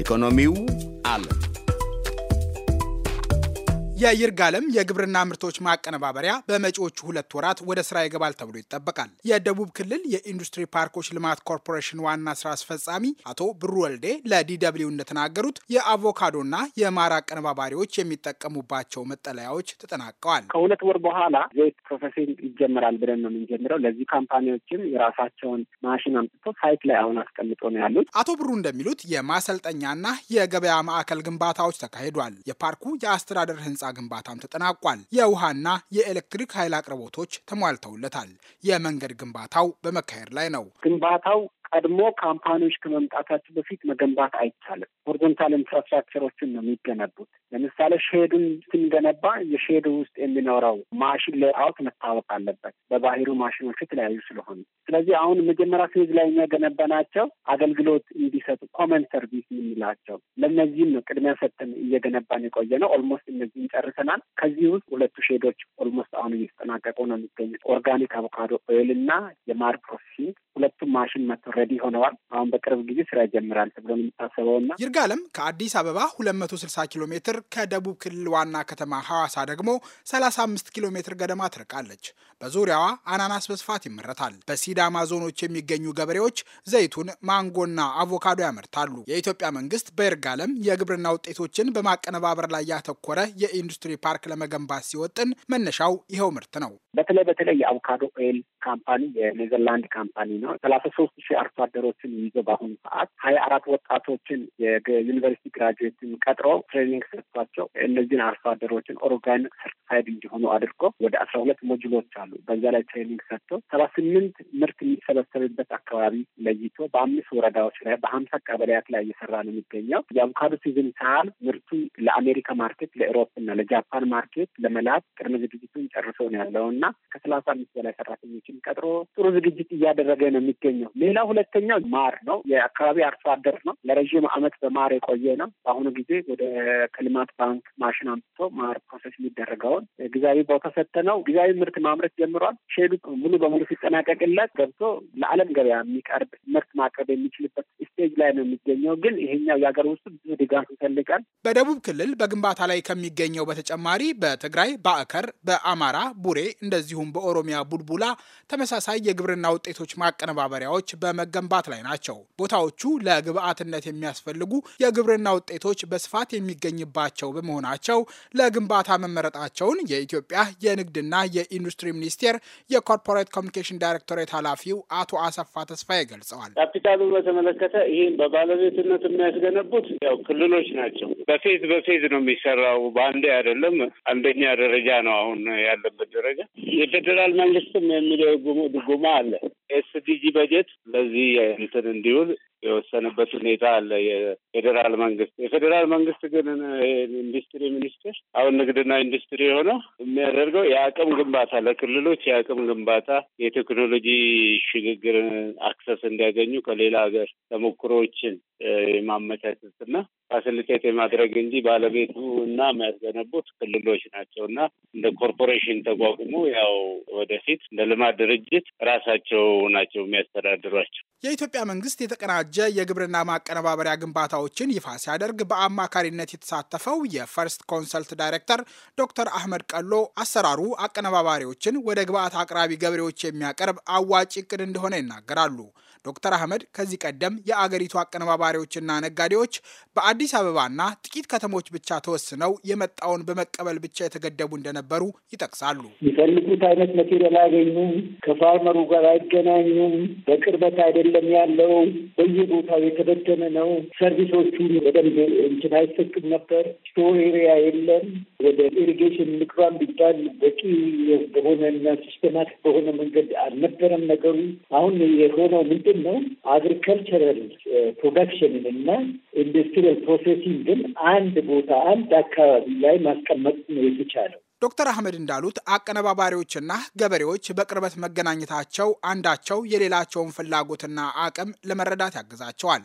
ኢኮኖሚው አለ። የይርጋለም የግብርና ምርቶች ማቀነባበሪያ በመጪዎቹ ሁለት ወራት ወደ ስራ ይገባል ተብሎ ይጠበቃል። የደቡብ ክልል የኢንዱስትሪ ፓርኮች ልማት ኮርፖሬሽን ዋና ስራ አስፈጻሚ አቶ ብሩ ወልዴ ለዲደብሊው እንደተናገሩት የአቮካዶና የማር አቀነባባሪዎች የሚጠቀሙባቸው መጠለያዎች ተጠናቀዋል። ከሁለት ወር በኋላ ዘይት ፕሮሰሲንግ ይጀመራል ብለን ነው የምንጀምረው። ለዚህ ካምፓኒዎችም የራሳቸውን ማሽን አምጥቶ ሳይት ላይ አሁን አስቀምጦ ነው ያሉት። አቶ ብሩ እንደሚሉት የማሰልጠኛና የገበያ ማዕከል ግንባታዎች ተካሂዷል። የፓርኩ የአስተዳደር ህንጻ ህንፃ ግንባታም ተጠናቋል። የውሃና የኤሌክትሪክ ኃይል አቅርቦቶች ተሟልተውለታል። የመንገድ ግንባታው በመካሄድ ላይ ነው። ግንባታው ቀድሞ ካምፓኒዎች ከመምጣታቸው በፊት መገንባት አይቻልም። ሆሪዞንታል ኢንፍራስትራክቸሮችን ነው የሚገነቡት። ለምሳሌ ሼዱን ስንገነባ የሼዱ ውስጥ የሚኖረው ማሽን ሌአውት መታወቅ አለበት። በባህሩ ማሽኖች የተለያዩ ስለሆኑ፣ ስለዚህ አሁን መጀመሪያ ፌዝ ላይ እኛ አገልግሎት እንዲሰጡ ኮመን ሰርቪስ የምንላቸው ለእነዚህም ነው ቅድሚያ ሰጥተን እየገነባን የቆየ ነው። ኦልሞስት እነዚህን ጨርሰናል። ከዚህ ውስጥ ሁለቱ ሼዶች ኦልሞስት አሁን እየተጠናቀቁ ነው የሚገኙት ኦርጋኒክ አቮካዶ ኦይል እና የማር ሁለቱም ማሽን መቶ ረዲ ሆነዋል። አሁን በቅርብ ጊዜ ስራ ይጀምራል ተብሎ ነው የሚታሰበው። ና ይርጋለም ከአዲስ አበባ ሁለት መቶ ስልሳ ኪሎ ሜትር ከደቡብ ክልል ዋና ከተማ ሐዋሳ ደግሞ ሰላሳ አምስት ኪሎ ሜትር ገደማ ትርቃለች። በዙሪያዋ አናናስ በስፋት ይመረታል። በሲዳማ ዞኖች የሚገኙ ገበሬዎች ዘይቱን፣ ማንጎና አቮካዶ ያመርታሉ። የኢትዮጵያ መንግስት በይርጋለም የግብርና ውጤቶችን በማቀነባበር ላይ ያተኮረ የኢንዱስትሪ ፓርክ ለመገንባት ሲወጥን መነሻው ይኸው ምርት ነው። በተለይ በተለይ የአቮካዶ ኦይል ካምፓኒ የኔዘርላንድ ካምፓኒ ነው ነው። ሰላሳ ሶስት ሺህ አርሶ አደሮችን ይዞ በአሁኑ ሰዓት ሀያ አራት ወጣቶችን የዩኒቨርሲቲ ግራጁዌትን ቀጥሮ ትሬኒንግ ሰጥቷቸው እነዚህን አርሶ አደሮችን ኦርጋኒክ ሰርቲፋይድ እንዲሆኑ አድርጎ ወደ አስራ ሁለት ሞጁሎች አሉ። በዛ ላይ ትሬኒንግ ሰጥቶ ሰባ ስምንት ምርት የሚሰበሰብበት አካባቢ ለይቶ በአምስት ወረዳዎች ላይ በሀምሳ ቀበሌያት ላይ እየሰራ ነው የሚገኘው። የአቮካዶ ሲዝን ሳል ምርቱ ለአሜሪካ ማርኬት፣ ለኤሮፕ እና ለጃፓን ማርኬት ለመላክ ቅድመ ዝግጅቱን ጨርሶ ነው ያለው እና ከሰላሳ አምስት በላይ ሰራተኞችን ቀጥሮ ጥሩ ዝግጅት እያደረገ ነው ነው የሚገኘው። ሌላ ሁለተኛው ማር ነው። የአካባቢ አርሶ አደር ነው። ለረዥም ዓመት በማር የቆየ ነው። በአሁኑ ጊዜ ወደ ከልማት ባንክ ማሽን አምጥቶ ማር ፕሮሰስ የሚደረገውን ጊዜያዊ ቦታ ነው ጊዜያዊ ምርት ማምረት ጀምሯል። ሼዱ ሙሉ በሙሉ ሲጠናቀቅለት ገብቶ ለዓለም ገበያ የሚቀርብ ምርት ማቅረብ የሚችልበት ስቴጅ ላይ ነው የሚገኘው። ግን ይሄኛው የሀገር ውስጥ ብዙ ድጋፍ ይፈልጋል። በደቡብ ክልል በግንባታ ላይ ከሚገኘው በተጨማሪ በትግራይ በአከር፣ በአማራ ቡሬ፣ እንደዚሁም በኦሮሚያ ቡልቡላ ተመሳሳይ የግብርና ውጤቶች ማቀነባበሪያዎች በመገንባት ላይ ናቸው። ቦታዎቹ ለግብዓትነት የሚያስፈልጉ የግብርና ውጤቶች በስፋት የሚገኝባቸው በመሆናቸው ለግንባታ መመረጣቸውን የኢትዮጵያ የንግድና የኢንዱስትሪ ሚኒስቴር የኮርፖሬት ኮሚኒኬሽን ዳይሬክቶሬት ኃላፊው አቶ አሰፋ ተስፋዬ ገልጸዋል። ካፒታሉን በተመለከተ ይህም በባለቤትነት የሚያስገነቡት ያው ክልሎች ናቸው። በፌዝ በፌዝ ነው የሚሰራው፣ በአንዴ አይደለም። አንደኛ ደረጃ ነው አሁን ያለበት ደረጃ። የፌዴራል መንግስትም የሚለው ድጎማ አለ። ኤስዲጂ በጀት ለዚህ እንትን እንዲውል የወሰነበት ሁኔታ አለ። የፌዴራል መንግስት የፌዴራል መንግስት ግን ኢንዱስትሪ ሚኒስቴር አሁን ንግድና ኢንዱስትሪ የሆነው የሚያደርገው የአቅም ግንባታ ለክልሎች የአቅም ግንባታ የቴክኖሎጂ ሽግግር አክሰስ እንዲያገኙ ከሌላ ሀገር ተሞክሮዎችን የማመቻቸት ፋሲሊቴት የማድረግ እንጂ ባለቤቱ እና የሚያስገነቡት ክልሎች ናቸው እና እንደ ኮርፖሬሽን ተቋቁሞ ያው ወደፊት እንደ ልማት ድርጅት ራሳቸው ናቸው የሚያስተዳድሯቸው። የኢትዮጵያ መንግስት የተቀናጀ የግብርና ማቀነባበሪያ ግንባታዎችን ይፋ ሲያደርግ በአማካሪነት የተሳተፈው የፈርስት ኮንሰልት ዳይሬክተር ዶክተር አህመድ ቀሎ አሰራሩ አቀነባባሪዎችን ወደ ግብአት አቅራቢ ገበሬዎች የሚያቀርብ አዋጭ እቅድ እንደሆነ ይናገራሉ። ዶክተር አህመድ ከዚህ ቀደም የአገሪቱ አቀነባባሪዎችና ነጋዴዎች በአዲስ አበባና ጥቂት ከተሞች ብቻ ተወስነው የመጣውን በመቀበል ብቻ የተገደቡ እንደነበሩ ይጠቅሳሉ። የሚፈልጉት አይነት መቴሪያል አያገኙም፣ ከፋርመሩ ጋር አይገናኙም፣ በቅርበት አይደለም ያለው፣ በየቦታው የተበተነ ነው። ሰርቪሶቹ በደንብ እንትን አይሰጡም ነበር። ስቶር ኤሪያ የለም። ወደ ኢሪጌሽን ምክሯን ቢባል በቂ በሆነና ሲስተማቲክ በሆነ መንገድ አልነበረም ነገሩ። አሁን የሆነው ምንድን ምንድን ነው አግሪካልቸራል ፕሮዳክሽንን እና ኢንዱስትሪያል ፕሮሴሲንግን አንድ ቦታ አንድ አካባቢ ላይ ማስቀመጥ ነው የተቻለው። ዶክተር አህመድ እንዳሉት አቀነባባሪዎችና ገበሬዎች በቅርበት መገናኘታቸው አንዳቸው የሌላቸውን ፍላጎትና አቅም ለመረዳት ያግዛቸዋል።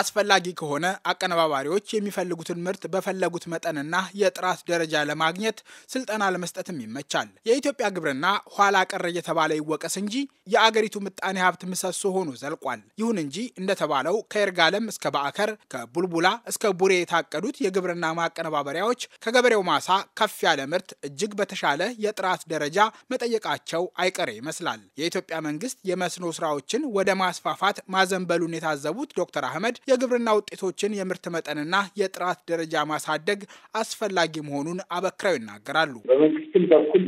አስፈላጊ ከሆነ አቀነባባሪዎች የሚፈልጉትን ምርት በፈለጉት መጠንና የጥራት ደረጃ ለማግኘት ስልጠና ለመስጠትም ይመቻል። የኢትዮጵያ ግብርና ኋላ ቀር እየተባለ ይወቀስ እንጂ የአገሪቱ ምጣኔ ሀብት ምሰሶ ሆኖ ዘልቋል። ይሁን እንጂ እንደተባለው ከይርጋለም እስከ በአከር ከቡልቡላ እስከ ቡሬ የታቀዱት የግብርና ማቀነባበሪያዎች ከገበሬው ማሳ ከፍ ያለ ምርት እጅግ በተሻለ የጥራት ደረጃ መጠየቃቸው አይቀሬ ይመስላል። የኢትዮጵያ መንግስት የመስኖ ስራዎችን ወደ ማስፋፋት ማዘንበሉን የታዘቡት ዶክተር አህመድ የግብርና ውጤቶችን የምርት መጠንና የጥራት ደረጃ ማሳደግ አስፈላጊ መሆኑን አበክረው ይናገራሉ። በመንግስትም በኩል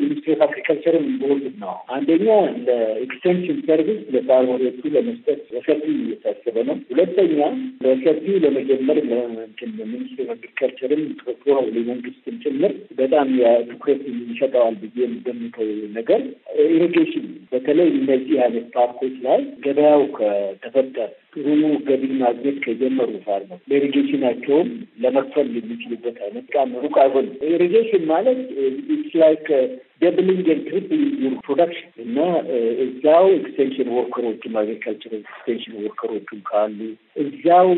ከልቸር ኢንቮልቭ ነው። አንደኛ ለኤክስቴንሽን ሰርቪስ ለሳርሞቹ ለመስጠት በሰፊው እየታሰበ ነው። ሁለተኛ በሰፊው ለመጀመር ሚኒስትር ኦፍ ካልቸርም ቶሮ ጭምር በጣም ትኩረት ይሸጠዋል ብዬ የምገምተው ነገር ኢሪጌሽን፣ በተለይ እነዚህ አይነት ፓርኮች ላይ ገበያው ከተፈጠረ ጥሩ ገቢ ማግኘት ከጀመሩ ፋርመር ለኢሪጌሽናቸውም ለመክፈል የሚችሉበት አይነት ቃም ሩቅ አይሆንም። ኢሪጌሽን ማለት ኢትስ ላይክ ደብሊንግ ኤንድ ትሪፕሊንግ ዩር ፕሮዳክሽን እና እዛው ኤክስቴንሽን ወርከሮችም አግሪካልቸር ኤክስቴንሽን ወርከሮችም ካሉ እዛው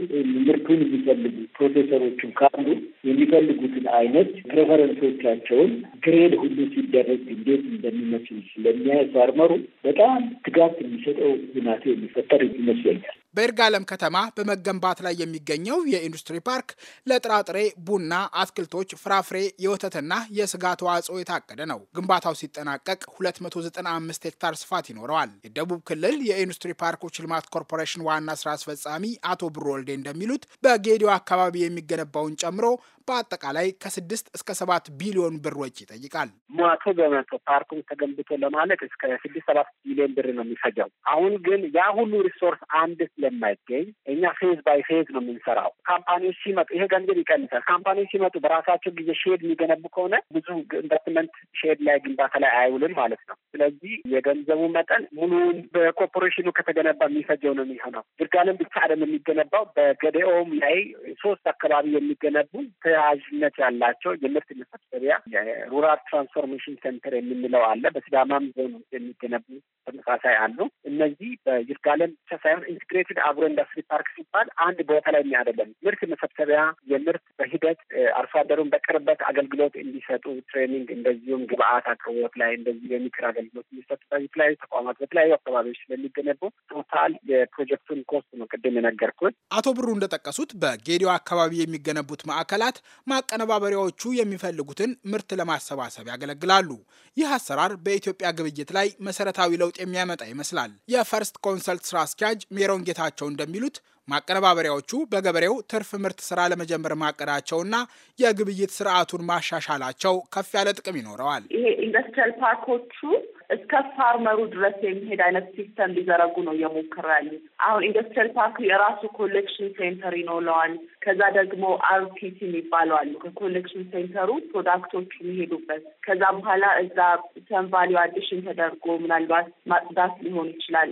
ምርቱን የሚፈልጉ ፕሮፌሰሮቹም ካሉ የሚፈልጉትን አይነት ፕሬፈረንሶቻቸውን ግሬድ ሁሉ ሲደረግ እንዴት እንደሚመስል ስለሚያይ ፋርመሩ በጣም ትጋት የሚሰጠው ዝናቴ የሚፈጠር ይመስለኛል። በይርጋለም ከተማ በመገንባት ላይ የሚገኘው የኢንዱስትሪ ፓርክ ለጥራጥሬ፣ ቡና፣ አትክልቶች፣ ፍራፍሬ፣ የወተትና የስጋ ተዋጽኦ የታቀደ ነው። ግንባታው ሲጠናቀቅ 295 ሄክታር ስፋት ይኖረዋል። የደቡብ ክልል የኢንዱስትሪ ፓርኮች ልማት ኮርፖሬሽን ዋና ስራ አስፈጻሚ አቶ ብሩ ወልዴ እንደሚሉት በጌዲዮ አካባቢ የሚገነባውን ጨምሮ በአጠቃላይ ከስድስት እስከ ሰባት ቢሊዮን ብር ወጪ ይጠይቃል። ሟቶ በመቶ ፓርኩን ተገንብቶ ለማለት እስከ ስድስት ሰባት ቢሊዮን ብር ነው የሚፈጀው። አሁን ግን ያ ሁሉ ሪሶርስ አንድ ስለ ስለማይገኝ እኛ ፌዝ ባይ ፌዝ ነው የምንሰራው። ካምፓኒዎች ሲመጡ ይሄ ገንዘብ ይቀንሳል። ካምፓኒዎች ሲመጡ በራሳቸው ጊዜ ሼድ የሚገነቡ ከሆነ ብዙ ኢንቨስትመንት ሼድ ላይ ግንባታ ላይ አይውልም ማለት ነው። ስለዚህ የገንዘቡ መጠን ሙሉውን በኮርፖሬሽኑ ከተገነባ የሚፈጀው ነው የሚሆነው። ድርጋለም ብቻ አይደለም የሚገነባው በገዴኦም ላይ ሶስት አካባቢ የሚገነቡ ተያያዥነት ያላቸው የምርት መሰብሰቢያ የሩራል ትራንስፎርሜሽን ሴንተር የምንለው አለ። በሲዳማም ዞን የሚገነቡ ተመሳሳይ አሉ። እነዚህ በይርጋለም ብቻ ሳይሆን ኢንትግሬትድ አግሮ ኢንዱስትሪ ፓርክ ሲባል አንድ ቦታ ላይ አይደለም። ምርት መሰብሰቢያ፣ የምርት በሂደት አርሶ አደሩን በቅርበት አገልግሎት እንዲሰጡ ትሬኒንግ፣ እንደዚሁም ግብአት አቅርቦት ላይ እንደዚሁ የምክር አገልግሎት እንዲሰጡ በተለያዩ ተቋማት በተለያዩ አካባቢዎች ስለሚገነቡ ቶታል የፕሮጀክቱን ኮስት ነው ቅድም የነገርኩት። አቶ ብሩ እንደጠቀሱት በጌዲዮ አካባቢ የሚገነቡት ማዕከላት ማቀነባበሪያዎቹ የሚፈልጉትን ምርት ለማሰባሰብ ያገለግላሉ። ይህ አሰራር በኢትዮጵያ ግብይት ላይ መሰረታዊ ለውጥ የሚያመጣ ይመስላል። የፈርስት ኮንሰልት ስራ አስኪያጅ ሜሮን ጌታቸው እሳቸው እንደሚሉት ማቀነባበሪያዎቹ በገበሬው ትርፍ ምርት ስራ ለመጀመር ማቀዳቸውና የግብይት ስርዓቱን ማሻሻላቸው ከፍ ያለ ጥቅም ይኖረዋል። ይሄ ኢንዱስትሪያል ፓርኮቹ እስከ ፋርመሩ ድረስ የሚሄድ አይነት ሲስተም ሊዘረጉ ነው እየሞከሩ ያሉት። አሁን ኢንዱስትሪያል ፓርክ የራሱ ኮሌክሽን ሴንተር ይኖለዋል። ከዛ ደግሞ አርፒሲ የሚባለው አሉ። ከኮሌክሽን ሴንተሩ ፕሮዳክቶቹ የሚሄዱበት ከዛ በኋላ እዛ ሰም ቫሊዩ አዲሽን ተደርጎ ምናልባት ማጽዳት ሊሆን ይችላል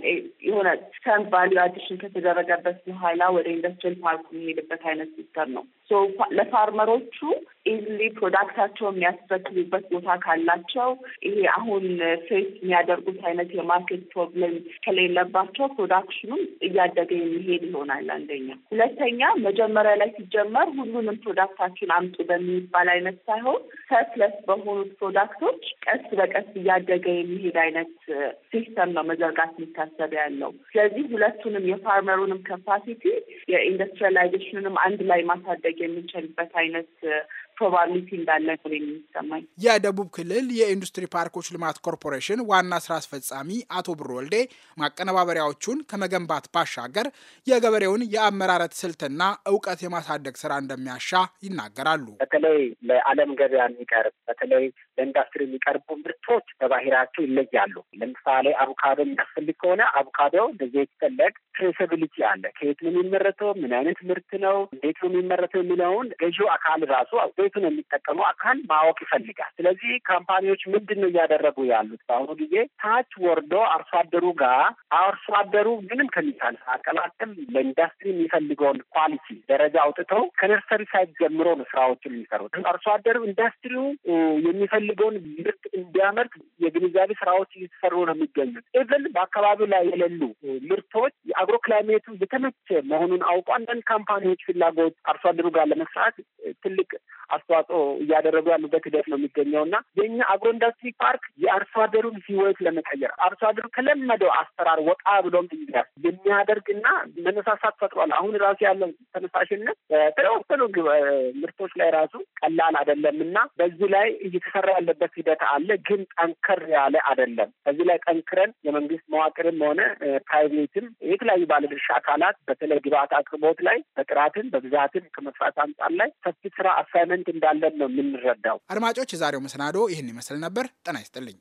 የሆነ ሰም ቫሊዩ አዲሽን ከተደረገበት በኋላ በኋላ ወደ ኢንዱስትሪል ፓርክ የሚሄድበት አይነት ሲስተም ነው። ለፋርመሮቹ ኢዝሊ ፕሮዳክታቸው የሚያስፈትሉበት ቦታ ካላቸው ይሄ አሁን ፌስ የሚያደርጉት አይነት የማርኬት ፕሮብለም ከሌለባቸው ፕሮዳክሽኑም እያደገ የሚሄድ ይሆናል። አንደኛ። ሁለተኛ መጀመሪያ ላይ ሲጀመር ሁሉንም ፕሮዳክታችን አምጡ በሚባል አይነት ሳይሆን ሰፍለስ በሆኑት ፕሮዳክቶች ቀስ በቀስ እያደገ የሚሄድ አይነት ሲስተም ነው መዘርጋት የሚታሰብ ያለው። ስለዚህ ሁለቱንም የፋርመሩንም ከፓሲቲ የኢንዱስትሪላይዜሽንንም አንድ ላይ ማሳደግ የሚችልበት አይነት ፕሮባብሊቲ እንዳለ ነው የሚሰማኝ። የደቡብ ክልል የኢንዱስትሪ ፓርኮች ልማት ኮርፖሬሽን ዋና ስራ አስፈጻሚ አቶ ብሩ ወልዴ ማቀነባበሪያዎቹን ከመገንባት ባሻገር የገበሬውን የአመራረት ስልትና እውቀት የማሳደግ ስራ እንደሚያሻ ይናገራሉ። በተለይ ለዓለም ገበያ የሚቀርብ በተለይ ለኢንዱስትሪ የሚቀርቡ ምርቶች በባህሪያቸው ይለያሉ። ለምሳሌ አቮካዶ የሚያስፈልግ ከሆነ አቮካዶ እንደዚህ የተፈለግ ትሬሰብሊቲ አለ። ከየት ነው የሚመረተው? ምን አይነት ምርት ነው? እንዴት ነው የሚመረተው? የሚለውን ገዢው አካል ራሱ አትሌቱን የሚጠቀመው አካል ማወቅ ይፈልጋል። ስለዚህ ካምፓኒዎች ምንድን ነው እያደረጉ ያሉት? በአሁኑ ጊዜ ታች ወርዶ አርሶ አደሩ ጋር አርሶ አደሩ ምንም ከሚቻል አቀላቅል ለኢንዱስትሪ የሚፈልገውን ኳሊቲ ደረጃ አውጥተው ከነርሰሪ ሳይት ጀምሮ ነው ስራዎችን የሚሰሩት። አርሶ አደሩ ኢንዱስትሪው የሚፈልገውን ምርት እንዲያመርት የግንዛቤ ስራዎች እየተሰሩ ነው የሚገኙት። ኢቨን በአካባቢው ላይ የሌሉ ምርቶች የአግሮ ክላይሜቱ የተመቸ መሆኑን አውቆ አንዳንድ ካምፓኒዎች ፍላጎት አርሶ አደሩ ጋር ለመስራት ትልቅ አስተዋጽኦ እያደረጉ ያሉበት ሂደት ነው የሚገኘው እና የኛ አግሮ ኢንዱስትሪ ፓርክ የአርሶ አደሩን ህይወት ለመቀየር አርሶ አደሩ ከለመደው አሰራር ወጣ ብሎም እንዲያስ የሚያደርግና መነሳሳት ፈጥሯል። አሁን ራሱ ያለው ተነሳሽነት በተወሰኑ ምርቶች ላይ ራሱ ቀላል አይደለም እና በዚህ ላይ እየተሰራ ያለበት ሂደት አለ፣ ግን ጠንከር ያለ አይደለም። በዚህ ላይ ጠንክረን የመንግስት መዋቅርም ሆነ ፕራይቬትም የተለያዩ ባለድርሻ አካላት በተለይ ግብአት አቅርቦት ላይ በጥራትን በብዛትን ከመስራት አንጻር ላይ ሰፊ ስራ አሳይመን እንዳለን ነው የምንረዳው። አድማጮች፣ የዛሬው መሰናዶ ይህን ይመስል ነበር። ጤና ይስጥልኝ።